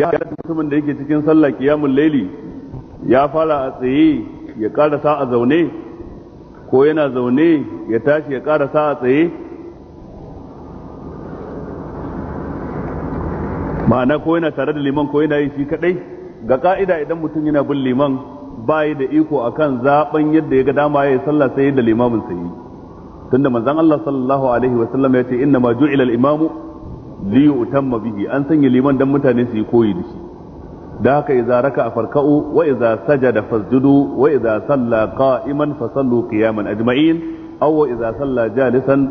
ya mutumin da yake cikin sallah kiyamun laili ya fara a tsaye ya sa a zaune ko yana zaune ya tashi ya sa a tsaye ma'ana ko yana tare da liman ko yana yi shi kadai ga ƙa'ida idan mutum yana bin liman yi da iko a kan zaɓen yadda ya ga dama ya yi sallah sai da limamin sai tunda manzan Allah sallallahu alaihi wasallam ya ce inna ma ju'ila imamu liyu utamma bihi an sanya liman dan mutane su yi koyi da shi da haka idza raka afarka'u wa idza sajada fasjudu wa idza salla qa'iman sallu qiyaman ajma'in aw wa idza salla jalisan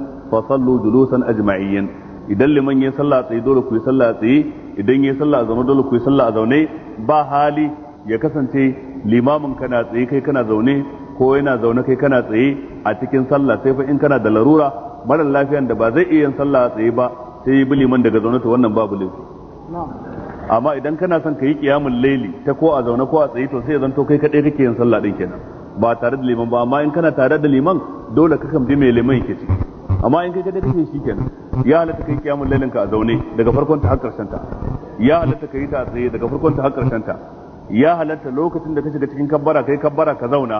sallu julusan ajma'in idan liman ya salla tsaye dole ku yi salla tsaye idan ya salla zaune dole ku yi salla a zaune ba hali ya kasance limamin kana tsaye kai kana zaune ko yana zaune kai kana tsaye a cikin sallah sai fa in kana da larura marar lafiyan da ba zai iya yin sallah tsaye ba sai yi liman daga zaune ta wannan babu laifi amma idan kana son ka yi kiyamun laili ta ko a zaune ko a tsaye to sai zanto kai kadai kake yin sallah din kenan ba tare da liman ba amma in kana tare da liman dole ka bi mai liman yake ciki amma in kai kadai kake shi kenan ya halatta kai kiyamun lailin ka a zaune daga farkon ta har ta ya halatta kai ta tsaye daga farkon ta har ta ya halatta lokacin da ka shiga cikin kabbara kai kabbara ka zauna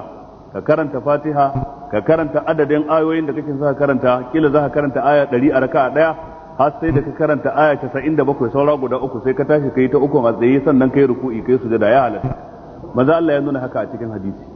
ka karanta fatiha ka karanta adadin ayoyin da kake ka karanta kila za ka karanta aya 100 a raka'a daya har sai da ka karanta aya bakwai saura guda uku sai ka tashi kai ta uku a tsaye sannan kai ruku'i kai sujada ya halatta maza Allah ya nuna haka a cikin hadisi